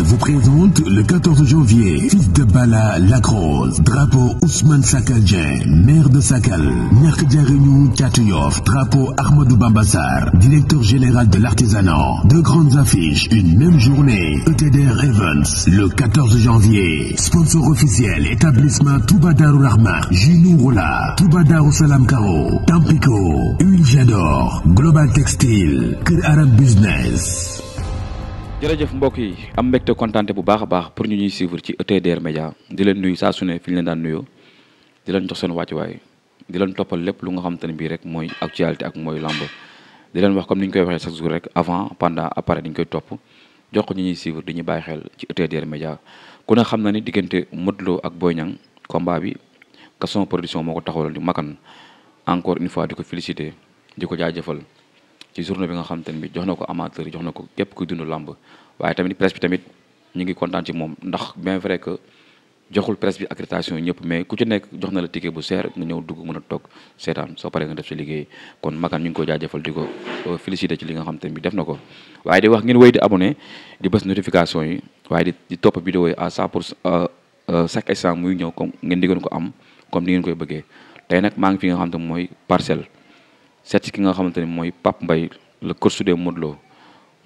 vous présente le 14 janvier fils de Bala Lacrosse drapeau Ousmane Sakal maire de Sakal Mercadier Réunion Tchatouyov, drapeau Armodou Bambassar, directeur général de l'artisanat deux grandes affiches une même journée ETDR Events le 14 janvier sponsor officiel établissement toubadarou Rahma, Junou Salam Karo Tampico Une Global Textile Kir Arab Business jërëjëf mbokk yi am mbégte kontaante bu baax a baax pour ñu ñuy suivre ci ETDR Média di leen nuyu saa su ne fi ñu leen daan nuyoo di leen jox seen wàccuwaay di leen toppal lépp lu nga xamante ne bii rek mooy actualité ak mooy lamb di leen wax comme ni ñu koy waxee chaque jour rek avant pendant après di koy topp jox ko ñu ñuy suivre di ñu bàyyi xel ci ETDR Média ku ne xam na ni diggante Modou ak Boy Niang combat bi Gaston Production moo ko taxawaloon di makan encore une fois di ko féliciter di ko jaajëfal. ci journée bi nga xamante ne bi jox na ko amateur jox na ko képp kuy dund làmb waaye tamit presse bi tamit ñu ngi kontaan ci moom ndax bien vrai que joxul presse bi accréditation ñëpp mais ku ci nekk jox na la ticket bu seer nga ñëw dugg mën a toog seetaan soo paree nga def sa liggéey kon makan ñu ngi ko jaajëfal di ko euh, félicité ci li nga xam te ne bi def na ko waaye de wax ngeen wéy di abonné di bës notification yi waaye di topp vidéo yi à 100 pour euh, euh, chaque instant muy ñëw comme ngeen di ngeen ko am comme ni ngeen koy bëggee tey nag maa ngi fi nga xam te mooy parcelle seet ci ki nga xamante ni mooy Pape Mbaye le coach de Modou Lo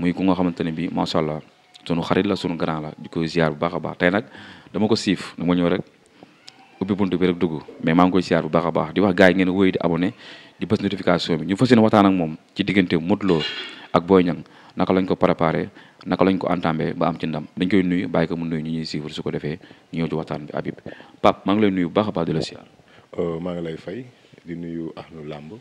muy ku nga xamante ne bii macha allah sunu xarit la sunu grand la di ko ziar bu baax a baax tey nag dama ko siif dama ñëw rek ubbi buntu dugg mais maa ngi koy ziar bu baax baax di wax gars yi ngeen wéy di abonné di bës notification bi ñu fas yéene waxtaan ak moom ci diggante naka lañ ko préparé naka lañ ko entamé ba am ci ndam dañ koy nuyu bàyyi ko mu nuyu ñuy suivre su ko defee ñu waxtaan bi Habib Pape maa ngi lay nuyu bu baax a baax di la euh, maa ngi lay fay di nuyu ahlu làmb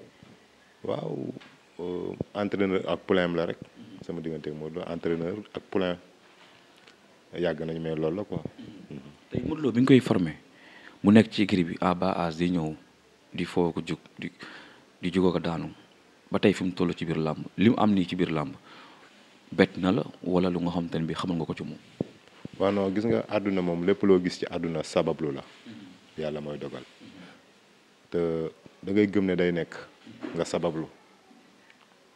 waaw euh, entraîneur ak poulain la rek. sama diggante ak Modou Lo entraîneur ak poulain yàgg nañu mais loolu la ko tey Modou Lo bi ñu koy formé mu nekk ci écurie bi à bas âge di ñëw di foo ko jug di di ko daanu ba tey fi mu toll ci biir làmb li mu am nii ci biir làmb bett na la wala lu nga xam te ne bi xamal nga ko ci moom. waaw non gis nga àdduna moom lépp loo gis ci àdduna sabablu la. yàlla mooy dogal. te da gëm ne day nekk. nga sabablu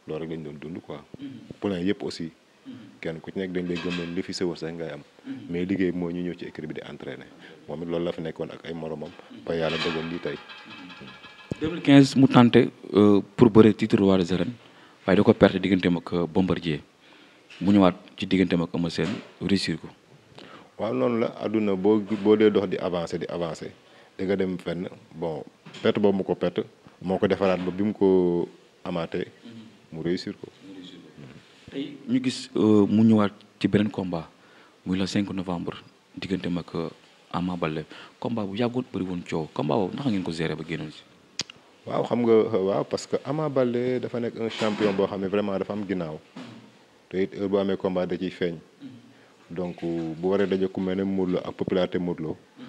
loolu rek lañ doon dund quoi mm-hmm. plan yépp iya, aussi mm-hmm. kenn ku ci nekk dañ lay gëm li fi sawar sax ngay am mais liggéey bi mooy ñu ñëw ci écrit bi di entraîner moom loolu la fi nekkoon ak ay moromam ba yàlla dogal lii tey 2015 mu tenté pour bëre titre roi des arènes waaye da ko perte digganteem ak euh, Bombardier mu ñëwaat ci digganteem ak Eumeu Sène réussir ko waaw noonu la aduna boo boo dee dox di avancer di avancer da nga dem fenn bon perte boobu mu ko perte moo ko defaraat ba bi mu ko amaate mu réussir ko. tey gis euh, mu ñëwaat ci beneen combat muy le cinq novembre diggante mag euh, Ama Baldé combat bu yàggoon bëri woon coow combat boobu naka ngeen ko gérer ba génnoon si. waaw xam nga euh, waaw parce que amaa Baldé dafa nekk un champion boo xam ne vraiment dafa am ginnaaw te it amee combat da ciy feeñ mm-hmm. donc bu waree daje ku mel ne Modou Lo ak popularité Modou Lo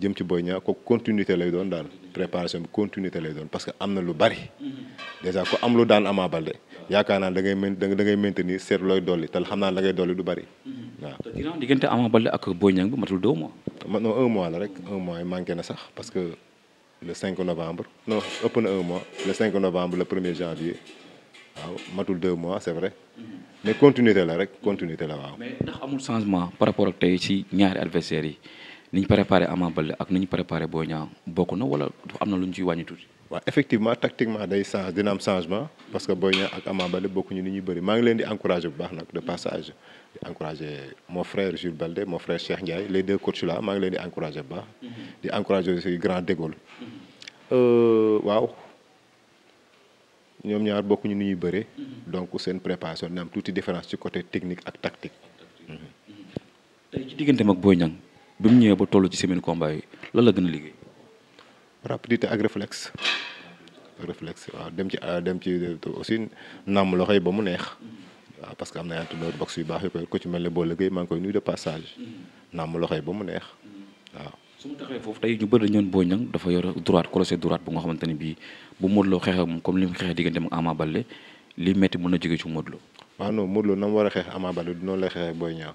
jëm ci Boy Niang ko continuité lay doon daal préparation bi continuité lay doon parce que am na lu bari déjà ko am lu daan Ama Baldé yaakaar naa da ngay mën da ngay maintenir seet looy dolli te xam naa la ngay dolli du bari waaw. te ginnaaw diggante Ama Baldé ak Boy Niang bi matul deux mois. man non un mois la rek un mois yi manqué na sax parce que le 5 novembre non ëpp na un mois le 5 novembre le 1er janvier waaw matul deux mois c'est vrai mais continuité la rek continuité la waaw. mais ndax amul changement par rapport ak tey ci ñaari adversaires yi. ni ñu préparé Ama ak ni ñu préparé Boy Niang na wala am na lu ñu wàññi tuuti. waaw effectivement tactiquement day change dina am changement parce que Boy Niang ak Ama Baldé bokkuñu ni ñuy bëri maa ngi leen di encouragé bu baax nag de passage di encouragé mon frère Jules Baldé mon frère Cheikh Ndiaye les deux coachs là maa ngi leen di encouragé bu baax. Mm-hmm. di encouragé aussi grand De mm-hmm. euh, waaw ñoom ñaar bokkuñu ni ñuy bëri. Mm-hmm. donc seen préparation dina am tuuti différence ci côté technique ak tactique. tey ci digganteem ak Boy bimu mu ba tollu ci semaine combat yi la la gëna liggéey. rapidité ak reflex reflex wa dem ci ah, dem ci aussi nam loxo yi ba mu neex. waaw parce que amna na ay entraîneur boxe yu baax ko ci melni bo liggéey maa ngi koy nuy de passage nam loxo yi ba mu neex wa su taxé fofu tay tey ñu bëri dañu doon Boy dafa yor droite croisé droite bu nga xamanteni bi bu modlo Lo xeexee comme lim mu xeexee diggante ak Ama Baldé li metti mëna na ci modlo wa non modlo nam wara xex war a xeex Ama Baldé du lay xeexee Boy ñaw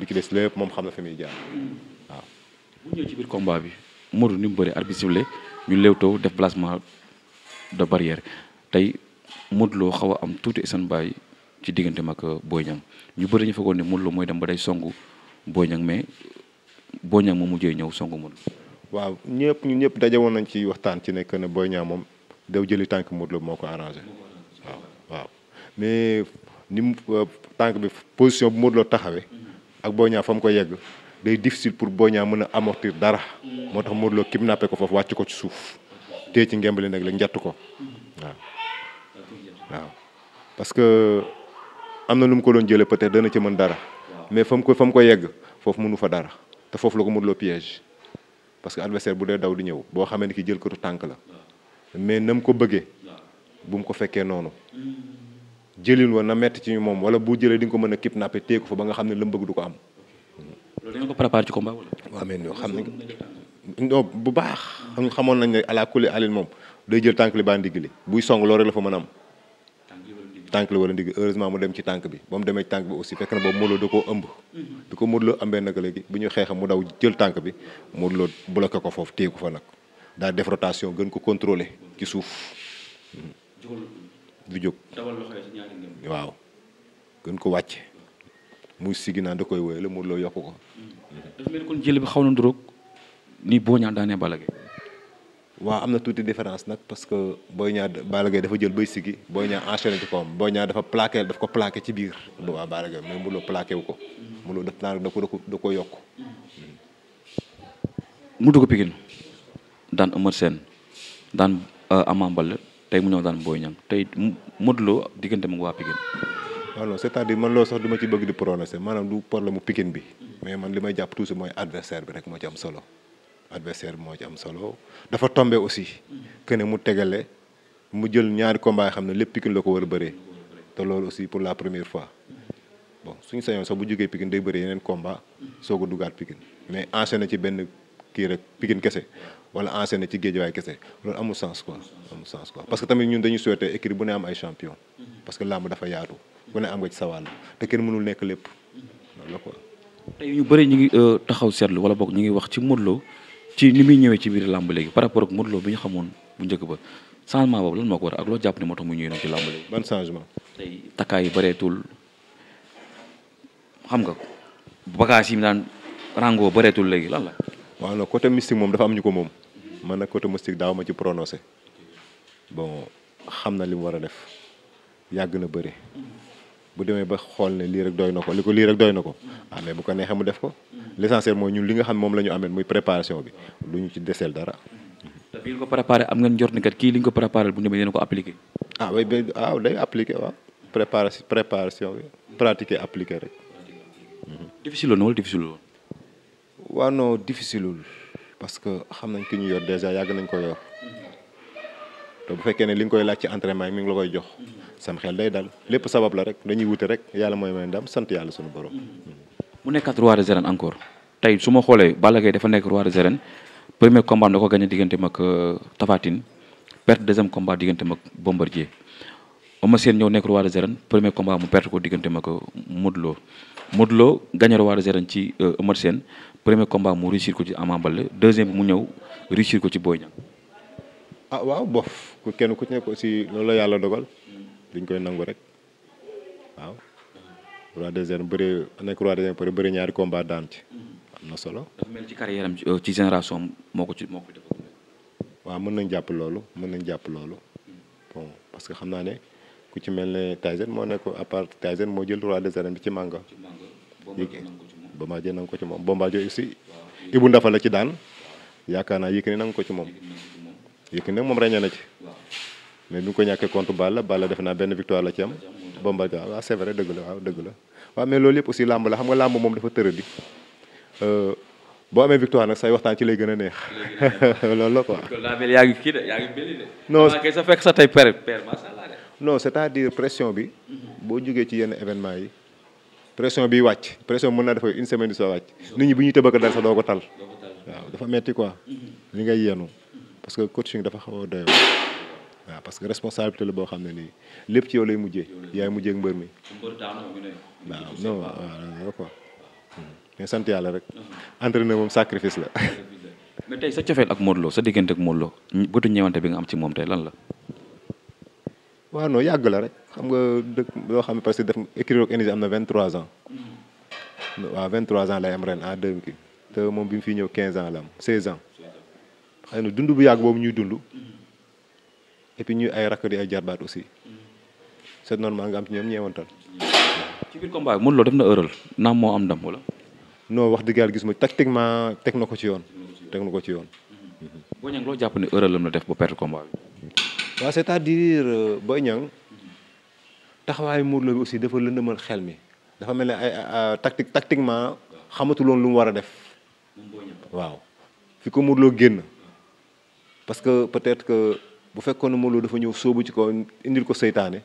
li ci des lépp moom xam na fi muy waaw. bu ñëw ci biir combat bi Modou ni mu bëri arbitre ñu léewtoo def de barrière tey Modou Lo xaw a am tuuti isan baay ci diggante mag Boy Niang ñu bëri ñu fekkoon ne Modou mooy dem ba day songu Boy Niang mais Boy Niang mujjee ñëw songu Modou waaw ñëpp ñun ñëpp daje woon nañ ci waxtaan ci nekk ne Boy Niang moom daw jëli tànk Modou moo ko arrangé waaw waaw mais ni mu euh, tànk bi position bu Modou taxawee. ak Boy Niang fa mu ko yegg day difficile pour Boy Niang mën a amortir dara moo tax Modou Lo kidnappé ko foofu wàcc ko ci suuf téye ci ngembali nag la njatt ko waaw que am na lu mu ko doon jëlee peut-être dana ci mën dara mais fa mu ko fa mu ko yegg foofu mënu fa dara te foofu la ko Modou Lo piège parce que adversaire bu dee daw di ñëw boo xamee ne ki jël ko tànk la mais na mu ko bëggee bu mu ko fekkee noonu jëlin wa na metti ci ñu moom wala bu jëlee di ko mën a kidnappé téye ko fa ba nga xam ne la mu du ko am. loolu dañu ko préparé ci xam ne non bu baax. xam nga xamoon nañ ne ala kulli alin moom day jël tànk li baa ndigg li buy song loolu rek la fa mën a am. tànk la wala ndigg heureusement mu dem ci tànk bi ba mu demee tànk bi aussi fekk na boobu Modou Lo da ko ëmb. Mhm. bi ko Modou ëmbee nag léegi bu ñu xeexam mu daw jël tànk bi Modou Lo bloqué ko foofu téye ko fa nag daal def rotation gën ko contrôler ci suuf. Mhm. du jóg waaw gën ko wàcc muy sigi naa da koy wéyale mu Lo yokk ko. ni kon jël bi xaw na nduróog ni Boy Niang daanee Balla Gaye waaw am na tuuti différence nag parce que Boy Niang Balla dafa jël bay sigi Boy Niang enchaîné ci kawam Boy Niang dafa plaqué daf ko plaqué ci biir waaw Balla balage mais mu Lo plaqué wu ko Modou Lo daf naa da ko da ko yokk mu dugg Pikine daan Eumeu Sène daan euh, amambal tay mu ñëw daan Boy ñang tay modlo digënté mu wa Pikine non c'est-à-dire man lo sax duma ci bëgg di prononcer manam du problème mu bi mais man limay japp jàpp toujours mooy adversaire bi rek mo ci am solo adversaire mo ci am solo dafa tomber aussi que ne mu tégalé mu jël ñaar combat yi xamné lepp lépp lako la ko té lool aussi pour la première fois bon suñu sañon sax bu jógee Pikine day bëri yenen combat soo ko dugaat Pikine mais enchaîné ci benn kii rek Pikine kese wala enchaîné ci Guédiawaye kese loolu amul sens quoi amul sens quoi parce que tamit ñun dañu souhaité équipe bu ne am ay champion parce que làmb dafa yaatu bu ne am nga ci sa wàll te kenn mënul nekk lépp la quoi tey ñu bëri ñu ngi euh, taxaw seetlu wala boog ñu ngi wax ci Modou ci ni muy ñëwee ci biir làmb léegi par rapport ak Modou bu ñu xamoon bu njëkk ba changement boobu lan moo ko ak loo jàpp ne moo tax mu ñëwee noonu ci làmb léegi. ban changement. tey takkaay yi bëreetul xam nga bagages yi mu daan rangoo bëreetul léegi lan la. waaw na côté mystique moom dafa am ñu ko moom man nag côté mystique daaw ma ci prononcé bon xam na li mu war a def yàgg na bëri bu demee ba xool ne lii rek doy na ko li ko lii rek doy na ko ah mais bu ko neexee mu def ko l'essentiel mooy ñu li nga xam moom la ñu amee muy préparation bi lu ñu ci deseel dara. te bi ko préparé am ngeen jot ne kat kii li ñu ko préparé bu ñu demee dina ko appliqué. ah oui bien ah préparation préparation bi pratiquer appliqué rek. difficile la noonu difficile la waaw non difficile parce que xam nañ ki ñu yor déjà yàgg nañ ko yor te bu fekkee ne li nga koy laaj ci entre yi mi ngi la koy jox sam xel day dal lépp sabab la rek dañuy wute rek yàlla mooy may ndam sant yàlla suñu borom. mu nekkaat roi des arènes encore tey su ma xoolee Balla Gaye nekk roi des arènes premier combat am da ko gagné diggante mag euh, Tapha Tine perte deuxième combat diggante mag Bombardier Eumeu seen ñëw nekk roi des arènes premier combat mu perte ko diggante mag euh, Modou Lo Modou Lo gagné ci euh, Eumeu Sène premier combat mu réussir ko ci Ama Baldé deuxième bi mu ñëw réussir ko ci Boy Niang ah waaw bof ku kenn ku ci nekk si loolu la yàlla dogal dañ koy nangu rek waaw roi des arènes bëri nekk roi des arènes bëri bëri ñaari combat daan ci am na solo dafa mel ci carrière am ci euh, génération moo ko ci moo ko defal waaw mën nañ jàpp loolu mën nañ jàpp loolu bon parce que xam naa ne ku ci mel ne Tyson moo nekk à part Tyson moo jël roi des arènes bi ci mànga bama jé nang ko ci mom moom joy aussi Ibou Ndafa la ci daan yakana naa Yékini nangu ko ci mom Yékini nag moom ràññee na ci mais bu nga ko ñàkkee contre Balla Balla def naa ben victoire la ci am joy wa c'est vrai deug la wa deug la wa mais loolu yëpp aussi lamb la xam nga lamb mom dafa di euh bo amé victoire nak say waxtan ci lay gëna neex lool la quoi. daa mel yaa ngi de yaa ngi de. non kay sa fekk sa tey père père sha allah non c'est-à-dire pression bi bo jugee ci yene événement yi pression bi wàcc pression mën naa dafa une semaine soo wàcc nit ñi bu ñuy tëbëkk dal sax doo ko tal waaw dafa metti quoi li ngay yenu parce que coaching dafa xaw a doy waaw parce que responsabilité la boo xam ne nii lépp ci yow lay mujje yaay mujjee ak mbër mi waaw non waaw mais sant yàlla rek entraîneur moom sacrifice la mais tey sa cofeel ak Modou sa diggante ak Modou Lo bëtu ñëwante bi nga am ci moom tey lan la Oui, non la rek xam nga dëkk xam parce que def écrire 23 ans à mm-hmm. 23 ans lay am ren en te moom bi fi 15 ans 16 ans xëy na dund bu yàgg boobu ñuy mm-hmm. et puis ñuy ay ay aussi mm-hmm. c'est normal nga am ci ñoom ñeewantal. ci biir combat bi Lo def na erreur naam moo am ndam non wax dëgg gis tactiquement teg ci yoon. teg na ko ci yoon. boo ñëwee loo ne la def combat wa c'est-à-dire ba ñang taxaway Modou Lo aussi dafa lëndëmal xel mi dafa melni ay tactique tactiquement xamatuloon lu mu wara def waaw fi ko Modou Lo genn parce que peut-être que bu fekkone ne Modou Lo dafa ñew sóobu ci ko indil ko seytane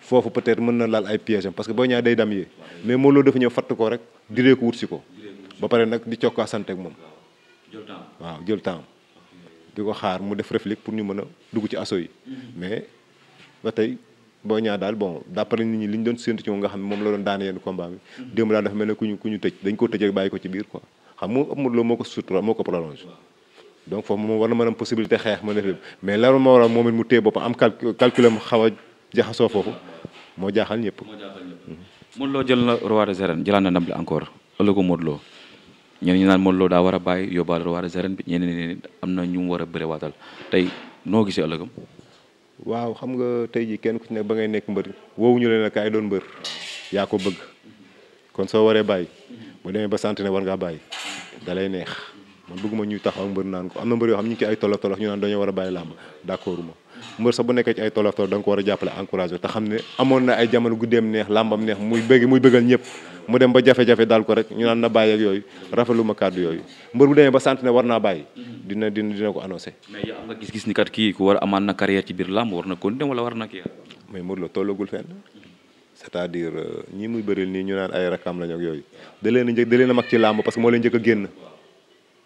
fofu peut-être mën na laal ay piège parce que Boy ñaa day dam yi mais Modou Lo dafa ñew fatt ko rek diré ko wut ci ko ba paré nak di ciokka ak mom jël temps waaw jël temps di ko xaar mu def réplique pour ñu mën a dugg ci asso yi mais ba tey boo Niang daal bon d'après nit ñi li ñu doon séntu ci moom nga xam ne moom la doon daane yenn combat bi démb daal dafa mel ne ku ñu ku ñu tëj ko tëj bàyyi ko ci biir quoi xam moo Modou Lo moo ko sutura moo ko prolonge donc foofu moom war na mais lan moo waral moom it mu téye boppam am calculam xaw a jaxasoo foofu moo jaaxal ñëpp. moo jaaxal ñëpp. jël na roi des arènes jëlaat na ndam li encore ëllëgu Modou Lo ñenn ñu naan Modou Lo daa war a bàyyi yóbbaale roi des arènes bi ñeneen ñi am na ñu mu war a bëre waatal tey noo gisee ëllëgam. waaw xam nga tey jii kenn ku ci ne ba ngay nekk mbër woowuñu leen ne kaay doon mbër yaa ko bëgg kon soo waree bàyyi bu demee ba sant ne war ngaa bàyyi da lay neex man bëgguma ñuy taxaw mbër naan ko am na mbër yoo xam ñu ngi ay tolof tolof ñu naan dañoo war a bàyyi làmb d'accord ma mbeur sa bu nekkee ci ay tolof da dang ko wara a jàppale ta te amon ne na ay jamono gudem neex lambam neex muy bëgg muy bëggal ñëpp mu dem ba jafe-jafe dal ko rek ñu naan na baye ak yoy rafalu ma kàddu yoy mbeur bu ba sant né warna baye dina dina dina ko annoncer mais ya am nga gis-gis ni kat ki ku wara amana na carrière ci bir lamb warna ko dem wala warna ki mais mbeur Lo tologul fenn c'est-à-dire euh, ñi muy bëril ni ñu naan ay rakam lañ ak yoy de leen de leen mak ci lamb parce que mo leen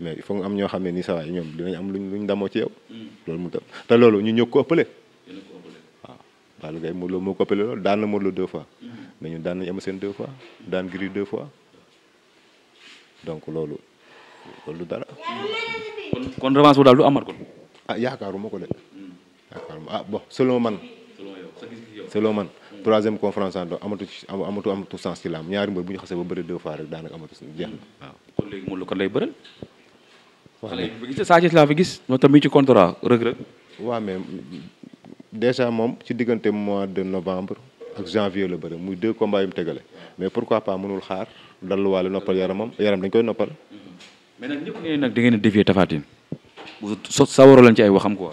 mais il faut am ño xamné ne ni sawaay ñom dinañ am luñ luñ damo ci yow hmm. lolou mu ta lolou ñu ñoo ko ëppale waaw Balla Gaye Modou Lo moo ko ëppale loolu Lo deux fois mais hmm. ñu daan nañ am seen deux fois daan gri deux fois donc loolu loolu dara kon kon revanche bu daal du amat kon ah yaakaaruma mako de hmm. yaakaaruma ah bon selon man selon man troisième conférence do amatu amatu amatu sens ci lam ñaari mbeur buñu xasse ba bëre deux fois rek ak amatu jeex na waaw kon léegi mo lu ko lay bëral xale bi gis laa fi gis moo tam ci contrat Reug Reug waa mais déjà moom ci diggante mois de novembre ak janvier la bëri muy deux combats yu mu tegale mais pourquoi pas mënul xaar dalluwaale noppal yaramam yaram dañ koy noppal. mais nag ñëpp nee nag da ngeen a dévier Tapha Tine bu so sawaroo leen ci ay waxam quoi.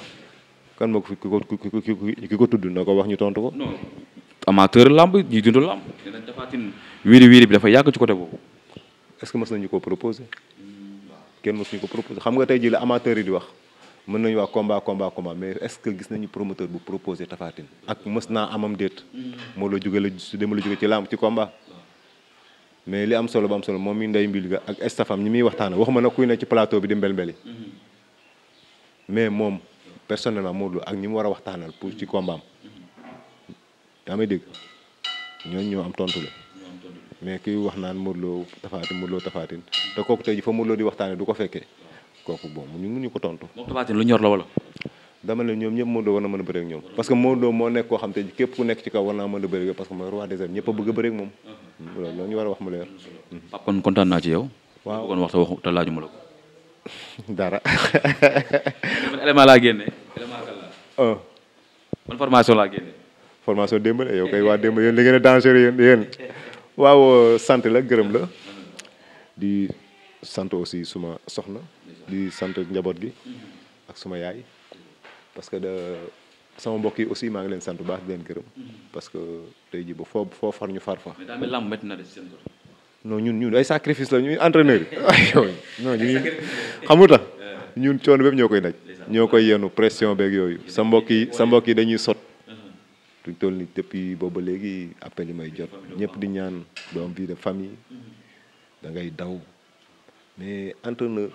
kan moo ko ki ko ki ko tudd na ko wax ñu tontu ko. non amateur lamb ñuy dund lamb. nee wiiri wiiri bi dafa yàgg ci côté boobu. est-ce que mës nañu ko proposer. kenn mosuñu ko proposé xam nga tey jii la yi di wax mën nañu wax combat combat combat mais est-ce que gis nañu promoteur bu proposé Tapha Tine ak mës naa amam déet moo la jóge la su dema la jóge ci lamb ci combat mais li am solo ba am solo moom mi nday mbil ga ak estafam ñi muy wax ma na kuy ne ci plateau bi di mbel mbeli mais moom personnellement Modou Lo ak ñi mu war a waxtaanal pour ci combat am yaa may dégg ñooñu ñoo am tontu la mais kuy wax naan Modou Lo Taphatine Modou Lo Taphatine te kooku tey ji fa Modou Lo di waxtaanee du ko fekkee kooku bon ñu ko tontu. moom lu ñor la wala. dama ne ñoom ñëpp Modou Lo war na mën a bëre ak ñoom parce que Modou Lo moo nekk koo xam te ji képp ku nekk ci kaw war naa mën a bëre parce que uh-huh. wax mu leer. Mm-hmm. ko. dara. man élément laa génne. laa génne. formation démb la yow kay waa démb yéen li ngeen a dangereux waaw sant la gërëm la di sant aussi suma soxna di sant njaboot gi ak suma yaay parce que da sama mbokk yi aussi maa ngi leen santu baax di leen gërëm parce que tey jii ba foo foo far ñu far fa. mais na de ñun ñun ay sacrifice la ñuy entraîneur yi non ñun xamu tax euh. ñun coono bépp ñoo koy daj. ñoo koy yenu pression beeg yooyu sa mbokk yi sa mbokk yi dañuy sot ñu toll ni depuis booba léegi appel yi may jot ñëpp di ñaan doo am de famille da ngay daw mais entraîneur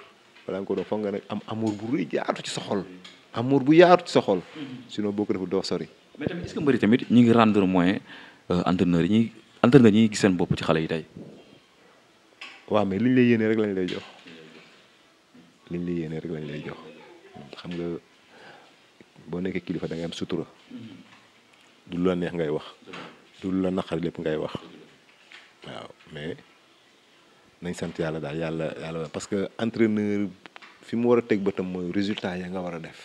balaa nga ko doon foog nga nag am amour bu rëy yaatu ci sohol xol amour bu yaatu ci sa xol sinon boo ko defee doo sori. mais tamit est-ce que mbëri tamit ñi ngi eh. eh, rendre moyen entraîneur yi ñi entraîneur ñi ngi gis seen bopp ci xale yi tey. waaw mais liñ lay yéene rek lañ lay jox liñ lay yéene rek lañ lay jox xam hmm, nga boo nekkee kilifa da ngay am sutura. du lu la neex ngay wax du lu la naqari lépp ngay wax waaw mais nañ sant yàlla daal yàlla yàlla parce que entraîneur fi mu war a teg bëtam mooy résultat ya nga war a def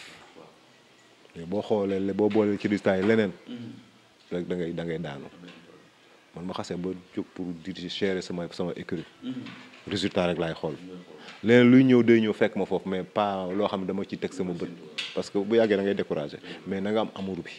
mais boo xoolee boo boolee ci résultat yi leneen rek da ngay da ngay daanu man ma xasee ba jóg pour diriger gérer sama sama écurie mm-hmm. résultat rek lay xol leneen luy ñëw day ñëw fekk ma foofu mais pas lo xam dama ci tek sama bëtt parce que bu yàggee da ngay décourager mais na nga am amour bi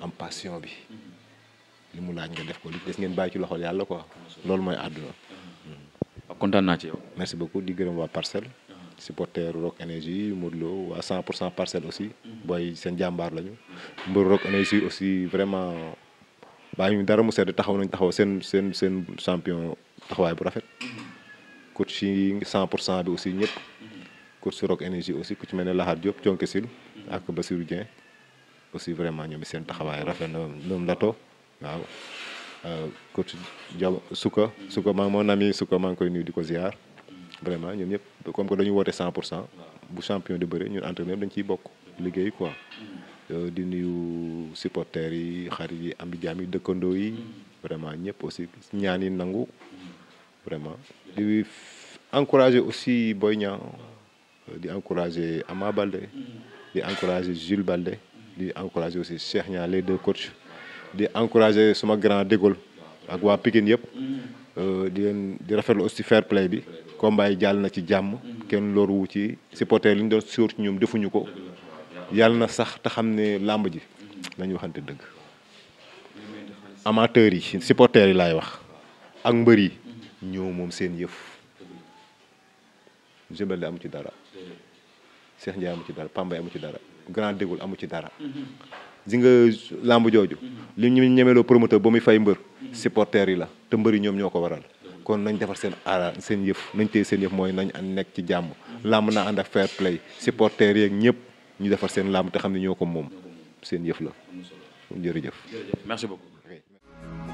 am passion bi mm-hmm. limu laaj nga def ko li dess ngeen bay ci loxol yalla quoi loolu moy àdduna mm-hmm. ah, kontaan naa ci yow. merci beaucoup di gërëm wa parcel uh-huh. supporter Rock energy modlo wa 100 parcel aussi boy sen jambar lañu mbër Rock energy aussi vraiment bàyyi ñu dara mu sedd taxaw nañ taxaw seen seen seen champion taxawaay bu rafet. coach yi cent pour cent bi aussi ñëpp. coach Rock Énergie aussi ku ci mel ne Lahad Diop Thionck Sil ak Basirou Dieng aussi vraiment ñoom seen taxawaay rafet na ñoom lato waaw. Euh, coach Dia Souka. Souka maa mon ami Souka maa ngi koy nuyu di ko ziar. vraiment ñoom ñëpp comme que dañuy woote 100 pour cent. bu champion di bëre ñun entraîneur dañ ciy bokk liggéey quoi. Euh, di nuyu supporters yi xarit yi am jaam yi dëkkandoo yi vraiment ñëpp aussi ñaan yi nangu vraiment di encourager aussi Boy ñaan euh, di encourager Ama balde di encourager Jules balde di encourager aussi Cheikh ñaan les deux coach di encourager sama grand dégol ak waa Pikine yëpp euh, di leen di rafetlu aussi fair play bi combat yi jàll na ci jàmm kenn wu ci supporters li ñu doon sóor ci ñoom defuñu ko yàlla na sax te xam ne làmb ji nañu waxante dëgg amateurs yi supporters yi laay wax ak mbër yi ñoo moom seen yëf Jurbel amu ci dara Cheikh Ndiaye amu ci dara Pambay amu ci dara Grand Dégoul amu ci dara di nga làmb jooju li ñu ñemeloo promoteur ba muy fay mbër supporters yi la te mbër yi ñoom ñoo ko waral kon nañ defar seen seen yëf nañ téye seen yëf mooy nañ nekk ci jàmm làmb naa ànd ak fair play supporters yeeg ñëpp ñu défar seen lamb te xam ne ñoo ko moom seen yëf la jërëjëf. merci beaucoup.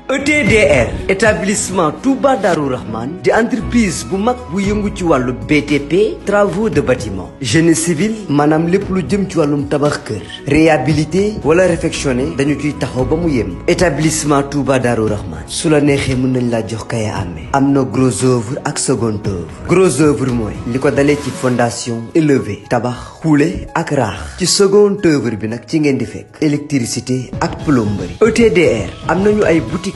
ETDR établissement Touba Darou Rahman de entreprise bu mak bu yëngu ci walu BTP travaux de bâtiment génie civil manam lepp lu jëm ci walum tabax kër réhabilité wala réfectionné dañu ci taxaw ba mu établissement Touba Darou Rahman su la nexé mën nañ la jox kaya amé amna gros œuvre ak second œuvre gros œuvre moy liko dalé ci fondation élevé tabax xuule ak rax ci second œuvre bi nak ci ngeen di fekk électricité ak plomberie ETDR amna ñu ay boutique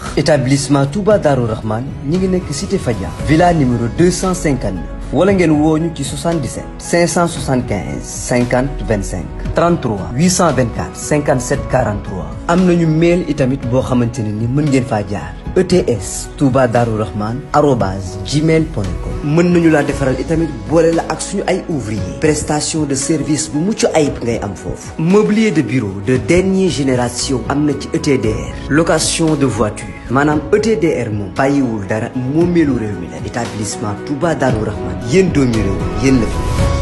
baax établissement Touba Darou Rahman ñi ngi nekk cité Fadia villa numéro 259 wala ngeen wooñu ci 77 575 50 25 33 824 57 43 am nañu mail itamit boo xamante ne ni mën ngeen faa jaar ETS Touba Darou Rahman arobase gmail.com mën nañu laa et itamit boole la ak suñu ay ouvrier prestation de service bu mucc ayib ngay am mobilier de bureau de dernière génération am na ci ETDR location de voiture maanaam ETDR moom bàyyiwul dara moomeelu réew mi la établissement Touba Darou Rahman yéen doomi la